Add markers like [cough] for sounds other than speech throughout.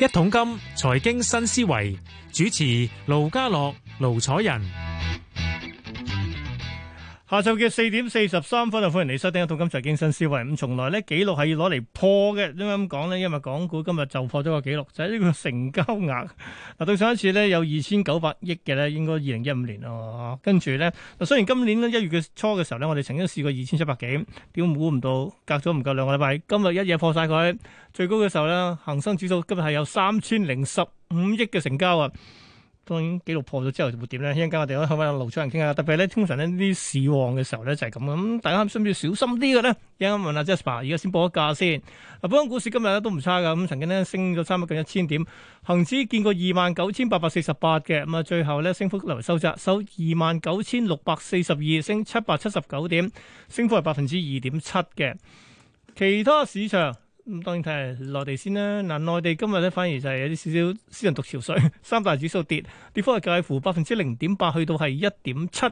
一桶金財經新思維主持：盧家樂、盧楚仁。下晝嘅四點四十三分就歡迎你收聽《淘金財經新思維》。咁從來咧記錄係要攞嚟破嘅，點解咁講咧？因為港股今日就破咗個記錄仔，呢、就係、個成交額嗱，對上一次咧有二千九百億嘅咧，應該二零一五年咯。跟住咧，嗱雖然今年咧一月嘅初嘅時候咧，我哋曾經試過二千七百幾，點估唔到隔咗唔夠兩個禮拜，今日一夜破晒佢。最高嘅時候咧，恒生指數今日係有三千零十五億嘅成交啊！當然記錄破咗之後會點咧？一陣間我哋開開路出人傾下，特別咧通常咧呢啲市旺嘅時候咧就係咁，咁大家需唔需要小心啲嘅咧？問問 pa, 一陣間問阿 Jasper，而家先報一價先。嗱，本港股市今日咧都唔差嘅。咁曾經咧升咗三百近一千點，恒指見過二萬九千八百四十八嘅。咁啊最後咧升幅略為收窄，收二萬九千六百四十二，升七百七十九點，升幅係百分之二點七嘅。其他市場。咁、嗯、當然睇下內地先啦。嗱，內地今日咧反而就係有啲少少私人獨潮水，三大指數跌，跌幅係介乎百分之零點八去到係一點七。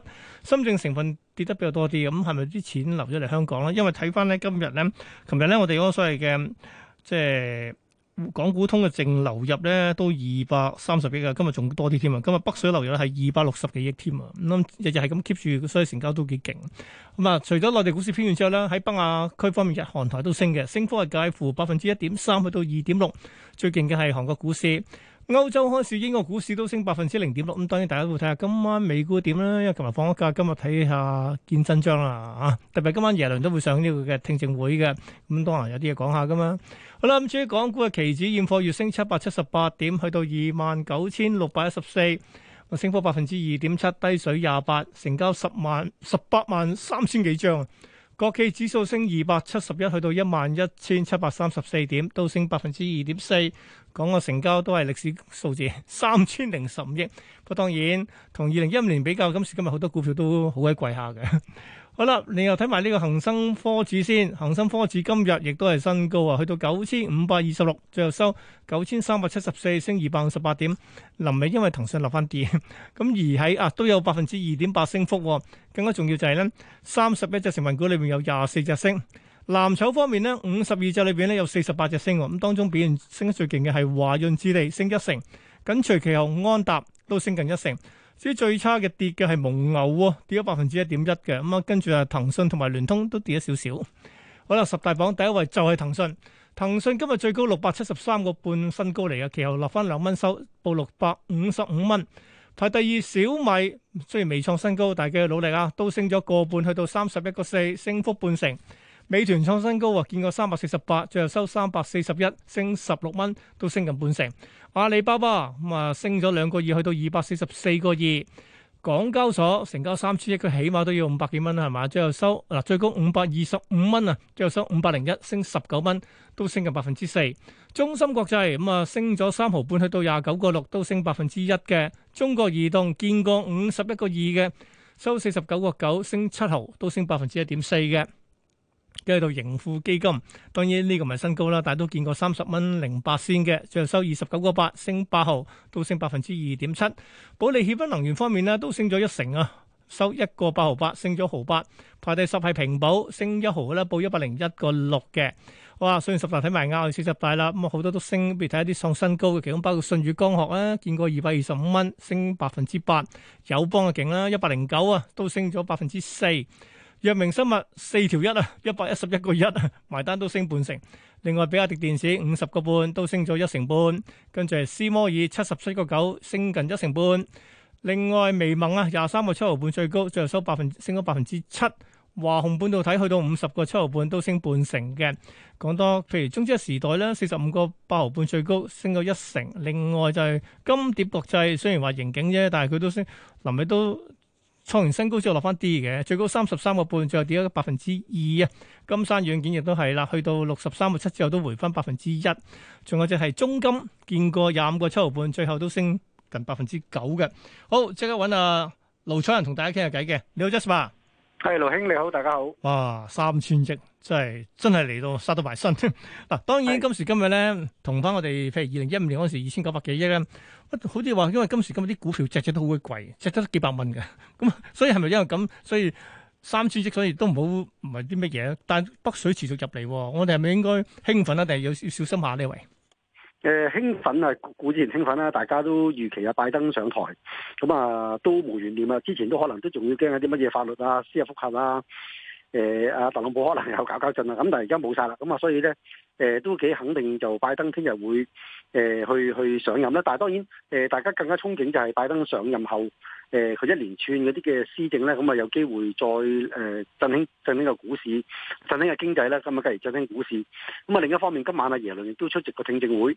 深圳成分跌得比較多啲，咁係咪啲錢留咗嚟香港咧？因為睇返咧今日咧，琴日咧我哋嗰個所謂嘅即係。港股通嘅淨流入咧都二百三十億啊，今日仲多啲添啊，今日北水流入係二百六十幾億添啊，咁日日係咁 keep 住，所以成交都幾勁。咁、嗯、啊，除咗內地股市偏軟之後咧，喺北亞區方面，日韓台都升嘅，升幅係介乎百分之一點三去到二點六，最勁嘅係韓國股市。歐洲開市，英國股市都升百分之零點六，咁當然大家都會睇下今晚美股點啦，因為琴日放咗假，今日睇下見真章啦，啊，特別今晚耶倫都會上呢個嘅聽證會嘅，咁當然有啲嘢講下噶嘛。好啦，咁至於港股嘅期指現貨月升七百七十八點，去到二萬九千六百一十四，升幅百分之二點七，低水廿八，成交十萬十八萬三千幾張。國企指數升二百七十一，去到一萬一千七百三十四點，都升百分之二點四。講個成交都係歷史數字三千零十五億，不過當然同二零一五年比較，今時今日好多股票都貴 [laughs] 好鬼貴下嘅。好啦，你又睇埋呢個恒生科指先，恒生科指今日亦都係新高啊，去到九千五百二十六，最後收九千三百七十四，升二百五十八點。臨尾因為騰訊落翻跌，咁而喺啊都有百分之二點八升幅。更加重要就係咧，三十一隻成分股裏面有廿四隻升。藍籌方面咧，五十二隻裏邊咧有四十八隻升喎。咁當中表現升得最勁嘅係華潤置地，升一成。緊隨其後安，安踏都升近一成。至於最差嘅跌嘅係蒙牛，跌咗百分之一點一嘅。咁啊，跟住啊，騰訊同埋聯通都跌咗少少。好啦，十大榜第一位就係騰訊。騰訊今日最高六百七十三個半新高嚟嘅，其後落翻兩蚊收，報六百五十五蚊。排第二，小米雖然未創新高，但係嘅努力啊，都升咗個半，去到三十一個四，升幅半成。美團創新高啊！見過三百四十八，最後收三百四十一，升十六蚊，都升近半成。阿里巴巴咁啊，升咗兩個二，去到二百四十四個二。港交所成交三千億，佢起碼都要五百幾蚊啦，係嘛？最後收嗱最高五百二十五蚊啊，最後收五百零一，升十九蚊，都升近百分之四。中芯國際咁啊，升咗三毫半，去到廿九個六，都升百分之一嘅。中國移動見過五十一個二嘅，收四十九個九，升七毫，都升百分之一點四嘅。跟住到盈富基金，當然呢個唔係新高啦，但係都見過三十蚊零八仙嘅，最後收二十九個八，升八毫，都升百分之二點七。保利協鑫能源方面咧，都升咗一成啊，收一個八毫八，升咗毫八。排第十係平保，升一毫咧，報一百零一個六嘅。哇，雖然十大睇埋啱，四隻敗啦，咁好多都升，譬如睇一啲創新高嘅，其中包括舜宇光學啊，見過二百二十五蚊，升百分之八。友邦啊，勁啦，一百零九啊，都升咗百分之四。藥明生物四條一啊，一百一十一個一啊，埋單都升半成。另外，比亞迪電子五十個半都升咗一成半。跟住係思摩爾七十七個九，升近一成半。另外，微盟啊，廿三個七毫半最高，最後收百分升咗百分之七。華虹半導體去到五十個七毫半，都升半成嘅。講多，譬如中車時代咧，四十五個八毫半最高，升到一成。另外就係金蝶國際，雖然話盈警啫，但係佢都升，臨尾都。創完新高之後落翻 D 嘅，最高三十三個半，最後跌咗百分之二啊。金山軟件亦都係啦，去到六十三個七之後都回翻百分之一。仲有隻係中金，見過廿五個七毫半，最後都升近百分之九嘅。好，即刻搵阿盧楚仁同大家傾下偈嘅，你好 jack 嘛？Jessica 係，盧兄你好，大家好。哇，三千億真係真係嚟到殺得埋身。嗱、 [laughs] 啊，當然是今時今日咧，同翻我哋譬如二零一五年嗰時二千九百幾億咧，好似話因為今時今日啲股票隻隻都好鬼貴，隻得幾百蚊嘅。咁、 [laughs] 嗯、所以係咪因為咁，所以三千億所以都唔好唔係啲乜嘢？但北水持續入嚟，我哋係咪應該興奮啊？定係要要小心下呢？位？誒興奮啊！固之然興奮啦，大家都預期啊，拜登上台，咁啊都無懸念啊！之前都可能都仲要驚一啲乜嘢法律啊、司法覆核啊，誒啊特朗普可能有搞搞震啊，咁但係而家冇晒啦，咁啊所以咧誒都幾肯定就拜登聽日會誒去去上任啦。但係當然誒大家更加憧憬就係拜登上任後。誒佢、呃、一連串嗰啲嘅施政咧，咁、嗯、啊有機會再誒、呃、振興振興個股市，振興個經濟咧，咁啊繼而振興股市。咁、嗯、啊另一方面，今晚阿耶倫亦都出席個聽證會，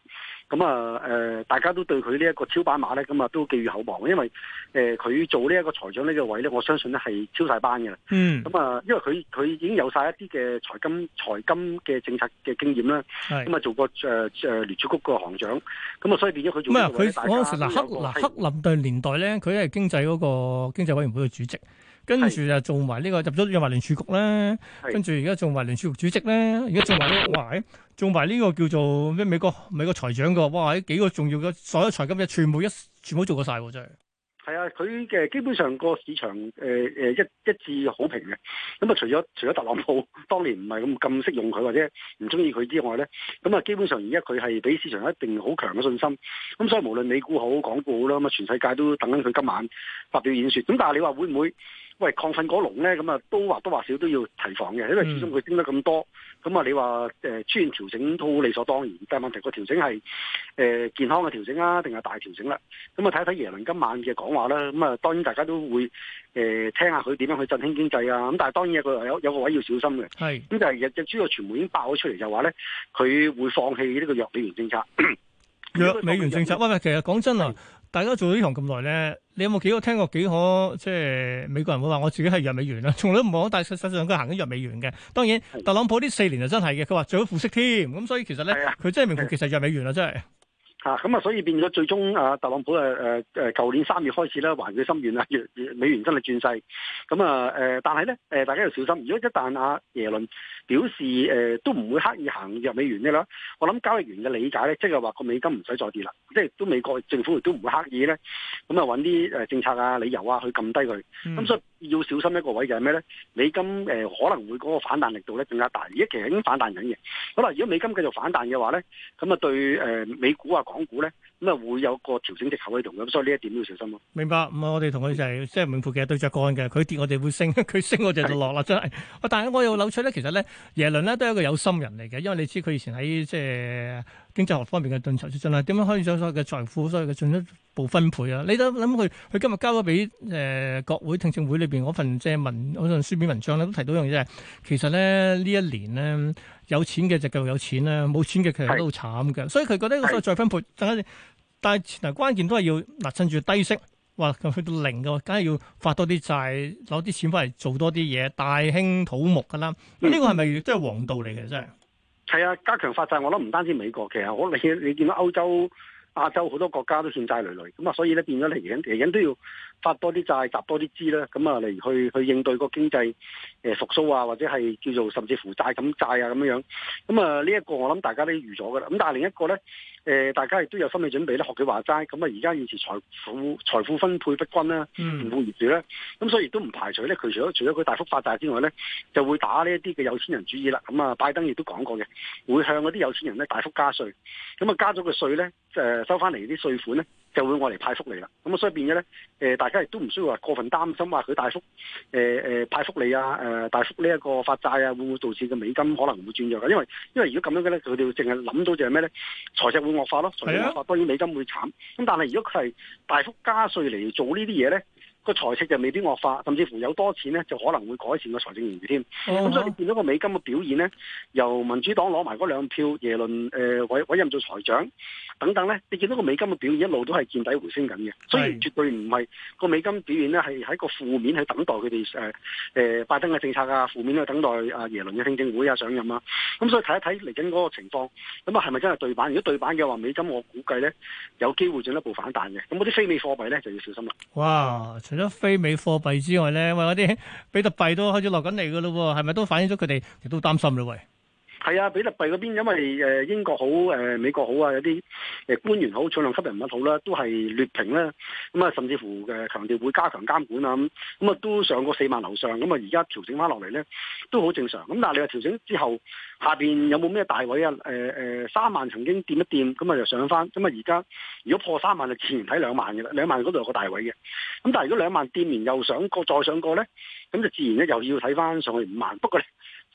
咁啊誒，大家都對佢呢一個超班馬咧，咁、嗯、啊都寄予厚望。因為誒佢、呃、做呢一個財長呢個位咧，我相信咧係超晒班嘅。嗯。咁、嗯、啊，因為佢佢已經有晒一啲嘅財金財金嘅政策嘅經驗啦。咁、嗯、啊，做過誒誒、呃、聯儲局個行長，咁、嗯、啊，所以變咗佢做，克林頓嘅年代咧，佢係經濟。喺嗰個經濟委員會嘅主席，跟住就做埋、呢個、呢個入咗入埋聯儲局咧，跟住而家做埋聯儲局主席咧，而家做埋呢、呢個做埋呢個叫做咩美國美國財長嘅，哇！呢幾個重要嘅所有財金嘅全部一全部做過曬真係。係啊，佢嘅基本上個市場誒誒、呃、一一致好評嘅，咁、嗯、啊除咗除咗特朗普當年唔係咁咁識用佢或者唔中意佢之外咧，咁、嗯、啊基本上而家佢係俾市場一定好強嘅信心，咁、嗯、所以無論美股好港股好啦，咁啊全世界都等緊佢今晚發表演說。咁、嗯、但係你話會唔會？喂，抗性嗰籠咧，咁啊，都或多或少都要提防嘅，因為始終佢升得咁多，咁啊，你話誒出現調整都好理所當然，但係問題個調整係誒、呃、健康嘅調整啊，定係大調整啦？咁啊，睇一睇耶倫今晚嘅講話啦，咁、嗯、啊，當然大家都會誒、呃、聽下佢點樣去振興經濟啊，咁但係當然有個有有個位要小心嘅。係是，咁就係日日主要傳媒已經爆咗出嚟，就話咧佢會放棄呢個弱美元政策。弱 [coughs] 美元政策，喂 [coughs] 其實 [coughs] 講真啊。大家做咗呢行咁耐咧，你有冇幾多聽過幾可即係美國人會話我自己係弱美元啦，從來都唔講，但係事實際上佢行緊弱美元嘅。當然特朗普呢四年就真係嘅，佢話最好負息添，咁、嗯、所以其實咧，佢、啊、真係名副其實弱美元啦，真係。吓咁啊，所以變咗最終啊，特朗普誒誒誒，舊、呃、年三月開始咧，還佢心願啦，弱美元真係轉勢。咁啊誒，但係咧誒，大家要小心，如果一旦阿、啊、耶倫。表示誒、呃、都唔會刻意行入美元嘅啦，我諗交易員嘅理解咧，即係話個美金唔使再跌啦，即係都美國政府亦都唔會刻意咧，咁啊揾啲誒政策啊理由啊去撳低佢，咁所以要小心一個位就係咩咧？美金誒、呃、可能會嗰個反彈力度咧更加大，而家其實已經反彈緊嘅，好啦，如果美金繼續反彈嘅話咧，咁啊對誒、呃、美股啊港股咧。咁啊，會有個調整的頭喺度，咁所以呢一點要小心咯、啊。明白，咁啊、就是，我哋同佢就係即係名副其實對著幹嘅，佢跌我哋會升，佢升我哋就落啦，是真係。但係我又扭出咧，其實咧，耶倫咧都係一個有心人嚟嘅，因為你知佢以前喺即係。經濟學方面嘅動籌諮詢啊，點樣可以將所有嘅財富、所有嘅進一步分配啊？你都諗佢，佢今日交咗俾誒國會聽證會裏邊嗰份借文、嗰份書面文章咧，都提到一樣嘢，即係其實咧呢一年咧有錢嘅就繼續有錢啦，冇錢嘅其實都好慘㗎。是所以佢覺得個所謂再分配，是但係前提關鍵都係要嗱，趁住低息，話，去到零嘅話，梗係要發多啲債，攞啲錢翻嚟做多啲嘢，大興土木嘅啦。咁呢個係咪真係王道嚟嘅？真係？係啊，加強發債，我諗唔單止美國，其實我你你見到歐洲、亞洲好多國家都欠債累累，咁啊，所以咧變咗嚟緊嚟緊都要。發多啲債，集多啲資啦，咁啊嚟去去應對個經濟誒復蘇啊，或者係叫做甚至乎負債咁債啊咁樣樣。咁啊呢一個我諗大家都預咗噶啦。咁但係另一個咧，誒大家亦都有心理準備咧。學佢話齋，咁啊而家現時財富財富分配不均啦，貧富懸殊咧，咁所以亦都唔排除咧。佢除咗除咗佢大幅發債之外咧，就會打呢一啲嘅有錢人主意啦。咁啊拜登亦都講過嘅，會向嗰啲有錢人咧大幅加稅。咁啊加咗個稅咧，誒收翻嚟啲稅款咧。就會我嚟派福利啦，咁、嗯、啊所以變咗咧，誒、呃、大家亦都唔需要話過分擔心話佢大幅誒誒派福利啊，誒、呃、大幅呢一個發債啊，會唔會導致個美金可能會轉弱嘅？因為因為如果咁樣嘅咧，佢哋淨係諗到就係咩咧？財政會惡化咯，財政惡化當然美金會慘。咁、嗯、但係如果佢係大幅加稅嚟做呢啲嘢咧？個財政就未必惡化，甚至乎有多錢咧，就可能會改善個財政盈餘添。咁、uh huh. 所以你見到個美金嘅表現咧，由民主黨攞埋嗰兩票，耶倫誒委委任做財長等等咧，你見到個美金嘅表現一路都係見底回升緊嘅。所以絕對唔係個美金表現咧係喺個負面去等待佢哋誒誒拜登嘅政策啊，負面去等待阿耶倫嘅聽證會啊上任啊。咁所以睇一睇嚟緊嗰個情況，咁啊係咪真係對版？如果對版嘅話，美金我估計咧有機會進一步反彈嘅。咁嗰啲非美貨幣咧就要小心啦。哇！Wow. 除咗非美貨幣之外咧，因為嗰啲比特幣都開始落緊嚟㗎喇喎，係咪都反映咗佢哋亦都擔心嘞？喂。係啊，比特幣嗰邊因為誒、呃、英國好誒、呃、美國好啊，有啲誒、呃、官員好、重量級人物好啦，都係劣評啦。咁、嗯、啊，甚至乎誒，強、呃、調會加強監管啊。咁咁啊，都上過四萬樓上，咁啊而家調整翻落嚟，咧，都好正常。咁、嗯、但係你話調整之後下邊有冇咩大位啊？誒、呃、誒，三、呃、萬曾經掂一掂，咁啊又上翻，咁啊而家如果破三萬，就自然睇兩萬嘅啦。兩萬嗰度有個大位嘅。咁、嗯、但係如果兩萬掂完又上過再上過咧，咁、嗯、就自然咧又要睇翻上去五萬。不過咧。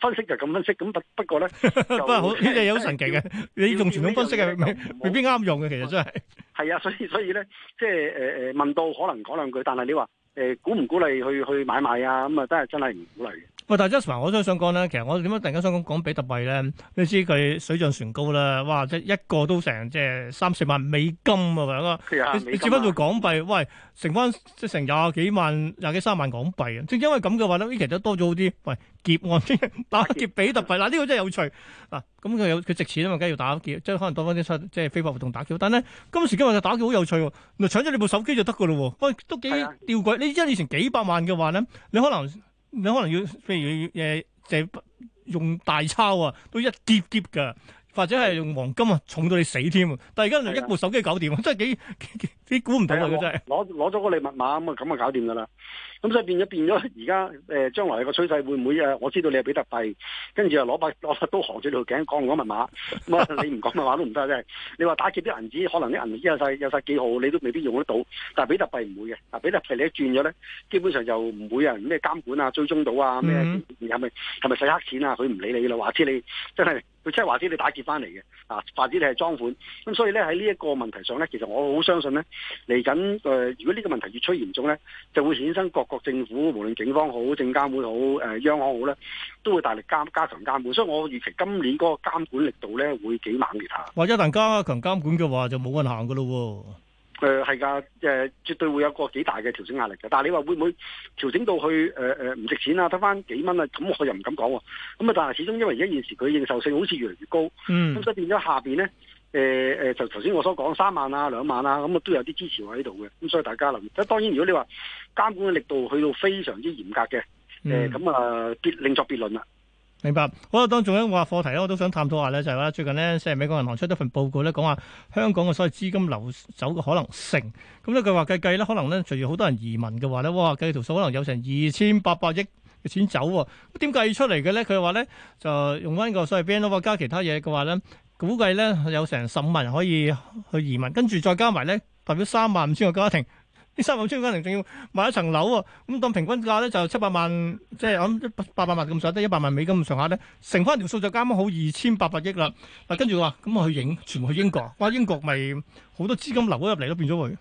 分析就咁分析，咁不不過咧，不過好，呢啲係好神奇嘅，要你用傳統分析嘅未必啱用嘅，啊、其實真係。係啊，所以所以咧，即係誒誒，問到可能講兩句，但係你話誒、呃，鼓唔鼓勵去去買賣啊？咁啊，真係真係唔鼓勵嘅喂，但係 Jasper 啊，我都想講咧，其實我點解突然間想講講比特幣咧？你知佢水漲船高啦，哇！即係一個都成即係三四萬美金啊，係嘛、啊？你折翻做港幣，喂，成翻即成廿幾萬、廿幾三萬港幣啊！正因為咁嘅話咧，依家都多咗好啲，喂劫案、啊、即打劫、啊、打劫比特幣，嗱呢、啊啊呢個真係有趣嗱。咁、啊、佢有佢值錢啊嘛，梗係要打劫，即係可能多翻啲出即係非法活動打劫。但係咧，今時今日就打劫好有趣喎、哦，咪搶咗你部手機就得㗎咯喎，喂、哎、都幾吊詭、啊？你真係以前幾百萬嘅話咧，你可能，你可能要，譬如要誒借、呃、用大鈔啊，都一疊疊噶。或者係用黃金啊，重到你死添。但係而家一一部手機搞掂，的真係幾幾估唔到啊！的真係攞攞咗個你密碼咁啊，咁啊搞掂噶啦。咁所以變咗變咗，而家誒將來個趨勢會唔會誒？我知道你係比特幣，跟住又攞把攞把刀橫住條頸講唔講,講密碼？ [laughs] 你唔講密碼都唔得真係。你、就、話、是、打劫啲銀紙，可能啲銀紙有晒有曬記號，你都未必用得到。但係比特幣唔會嘅。啊，比特幣你一轉咗咧，基本上就唔會人咩監管啊、追蹤到啊咩？係咪係咪洗黑錢啊？佢唔理你啦，話知你真係。真佢即係話之你打劫翻嚟嘅，啊或者你係贓款，咁所以咧喺呢一個問題上咧，其實我好相信咧，嚟緊誒，如果呢個問題越趨嚴重咧，就會衍生各國政府，無論警方好、證監會好、誒央行好咧，都會大力監加強監管，所以我預期今年嗰個監管力度咧會幾猛烈下。或者一旦加強監管嘅話，就冇運行噶咯喎。誒係㗎，誒絕對會有個幾大嘅調整壓力嘅。但係你話會唔會調整到去誒誒唔值錢啊？得翻幾蚊啊？咁我又唔敢講喎。咁啊，但係始終因為而家現時佢認受性好似越嚟越高，咁所以變咗下邊咧，誒誒，就頭先我所講三萬啊、兩萬啊，咁啊都有啲支持我喺度嘅。咁所以大家留意，即係當然如果你話監管嘅力度去到非常之嚴格嘅，誒咁啊，別另作別論啦。明白，好啦，當仲有一個課題咧，我都想探討下咧，就係話最近咧，即係美國銀行出咗份報告咧，講話香港嘅所謂資金流走嘅可能性。咁咧，佢話計計咧，可能咧，隨住好多人移民嘅話咧，哇，計條數可能有成二千八百億嘅錢走喎。點計出嚟嘅咧？佢話咧就用翻呢個所謂 BNO 咯，加其他嘢嘅話咧，估計咧有成十五萬人可以去移民，跟住再加埋咧，代表三萬五千個家庭。呢三萬五千家庭仲要買一層樓喎，咁、嗯、當平均價咧就七百萬，即係揞八百萬咁上下，得一百萬美金咁上下咧，乘翻條數就啱啱好二千八百億啦。嗱跟住話，咁我去影，全部去英國，哇！英國咪好多資金流咗入嚟咯，變咗佢。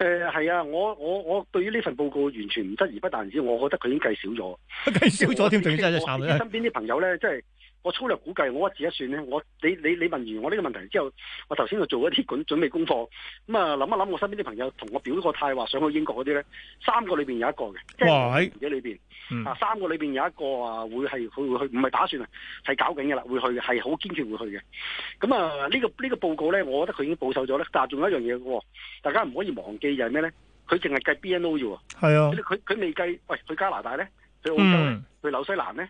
誒係、呃、啊，我我我對於呢份報告完全唔質疑不單止，我覺得佢已經計少咗，計少咗添，仲要我真係慘咧。我身邊啲朋友咧，即係。我粗略估計，我一字一算咧。我你你你問完我呢個問題之後，我頭先就做一啲準準備功課。咁啊，諗一諗我身邊啲朋友同我表個態，話想去英國嗰啲咧，三個裏邊有一個嘅，即係五人嘅裏邊，啊三個裏邊哇、嗯、有一個啊，會係佢會去，唔係打算啊，係搞緊嘅啦，會去，係好堅決會去嘅。咁、嗯、啊，呢、這個呢、這個報告咧，我覺得佢已經保守咗咧。但係仲有一樣嘢嘅喎，大家唔可以忘記就係咩咧？佢淨係計 BNO 啫喎。是啊，佢佢未計，喂、哎，去加拿大咧，去澳洲、嗯、去紐西蘭咧。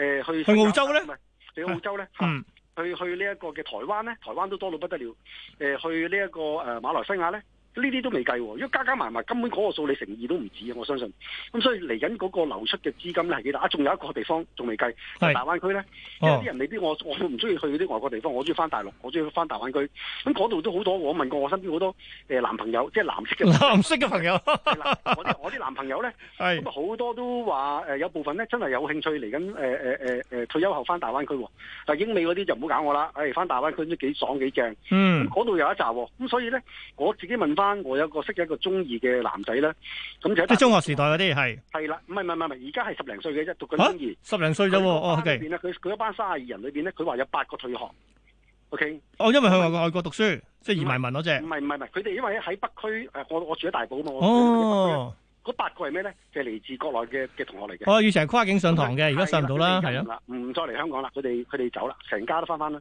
誒去去澳洲咧，唔係去澳洲咧，去去呢一個嘅台灣咧，台灣都多到不得了。誒、這個，去呢一個誒馬來西亞咧。呢啲都未計，因為加加埋埋根本嗰個數，你成二都唔止啊！我相信。咁所以嚟緊嗰個流出嘅資金咧係幾大？仲、啊、有一個地方仲未計，是大灣區咧，即係啲、哦、人未必我我唔中意去嗰啲外國地方，我中意翻大陸，我中意翻大灣區。咁嗰度都好多，我問過我身邊好多誒、呃、男朋友，即係藍色嘅藍色嘅朋友。嗱，我啲 [laughs] 我啲男朋友咧，咁啊好多都話誒、呃、有部分咧真係有興趣嚟緊誒誒誒誒退休後翻大灣區喎。但英美嗰啲就唔好搞我啦，誒、哎、翻大灣區都幾爽幾正。嗯。咁嗰度有一集喎，咁所以咧我自己問。班我有個識咗一個中二嘅男仔咧，咁就即係中學時代嗰啲係係啦，唔係唔係唔係，而家係十零歲嘅一讀緊中二，啊、十零歲啫喎。哦，佢佢、okay. 一班三十二人裏邊咧，佢話有八個退學。O、okay? K，哦，因為佢外外國讀書，是即移民民。嗰隻，唔係唔係唔係，佢哋因為喺北區，我我住喺大埔嘛。我埔哦，嗰八個係咩咧？就係、是、嚟自國內嘅嘅同學嚟嘅。哦、啊，以前係跨境上堂嘅，而家 Okay? 上唔到啦，係咯，唔的再嚟香港啦。佢哋佢哋走啦，成家都翻翻啦。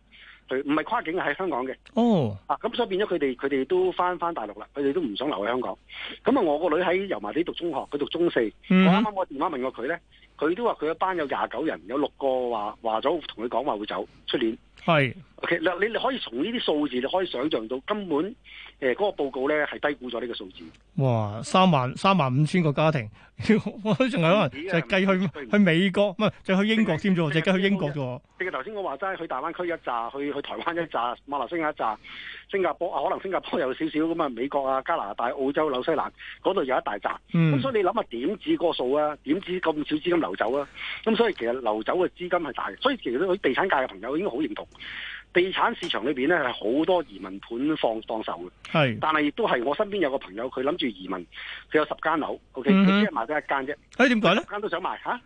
佢唔係跨境嘅，喺香港嘅。哦，oh. 啊，咁所以變咗佢哋，佢哋都返返大陸啦。佢哋都唔想留喺香港。咁啊，我個女喺油麻地讀中學，佢讀中四。Mm-hmm. 我啱啱我電話問過佢咧，佢都話佢一班有廿九人，有六個話話咗同佢講話會走出年。係是，OK 嗱，你哋可以從呢啲數字，你可以想象到根本，誒、呃、嗰、那個報告咧係低估咗呢個數字。哇，三萬三萬五千個家庭，仲係可能就計去、嗯、去美國，唔係就去英國添咗，就計去英國啫。其實頭先我話齋去大灣區一紮，去去台灣一紮，馬來西亞一紮。新加坡啊，可能新加坡有少少咁啊，美國啊、加拿大、澳洲、紐西蘭嗰度有一大扎，咁、嗯、所以你諗下點止個數啊？點止咁少資金流走啊？咁所以其實流走嘅資金係大嘅，所以其實佢地產界嘅朋友應該好認同。地產市場裏邊咧係好多移民盤放當手嘅，係是，但係亦都係我身邊有個朋友，佢諗住移民，佢有十間樓，OK，佢只賣咗一間啫，哎，點解咧？十間都想賣吓？啊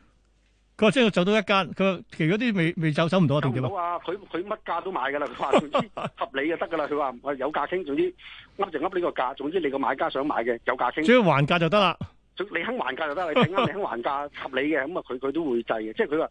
我即係走到一間，佢其嗰啲未未走，走唔到點點啊？佢佢乜價都買噶啦，佢話總之合理就得噶啦，佢話 [laughs] 有價傾，總之啱就啱呢個價，總之你個買家想買嘅有價傾，只要還價就得啦。 [laughs] 價價你肯還價就得，你你肯還價合理嘅，咁啊佢佢都會制嘅，即係佢話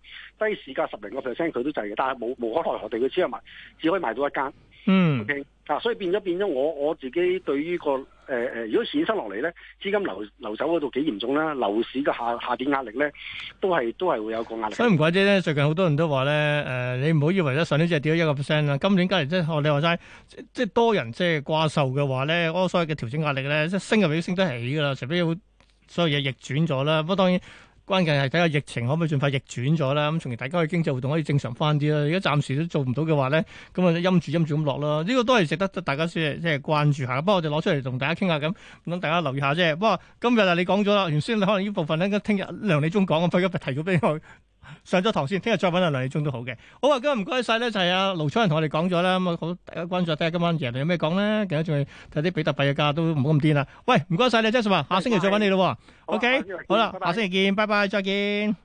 低市價十零個 percent 佢都制嘅，但係冇無可奈何地，佢只係賣，只可以賣到一間。嗯，O、okay? K，啊，所以變咗變咗，我我自己對於個誒誒、呃，如果損失落嚟咧，資金流流走嗰度幾嚴重咧，樓市嘅下下跌壓力咧，都係都係會有個壓力。所以唔怪啫，最近好多人都話咧，誒、呃，你唔好以為咗上年只係跌咗一個 percent 啦，今年今年即係你話齋，即、就、係、是就是、多人即係掛售嘅話咧，我所謂嘅調整壓力咧，即係升又未升，升得起噶啦，除非好。所有嘢逆轉咗啦，不過當然關鍵係睇下疫情可唔可以盡快逆轉咗啦。咁從而大家嘅經濟活動可以正常翻啲啦。如果暫時都做唔到嘅話咧，咁啊陰住陰住咁落咯。呢個都係值得大家先即係關注下。不過我哋攞出嚟同大家傾下咁，等大家留意下啫。不過今日啊，你講咗啦，原先你可能呢部分咧，聽日梁李忠講，我畢孬提咗俾佢。上咗堂先，聽日再揾阿梁宇忠都好嘅。好啊，今日唔該晒咧，就係、是、阿、啊、盧昌仁同我哋講咗啦，咁啊好大家關注下，睇下今晚夜有咩講咧，其他仲有睇啲比特幣嘅價都唔好咁癲啦。喂，唔該晒你，Jason OK? 啊，下星期再揾你咯。OK，拜好啦、啊，下星期見，拜拜，再見。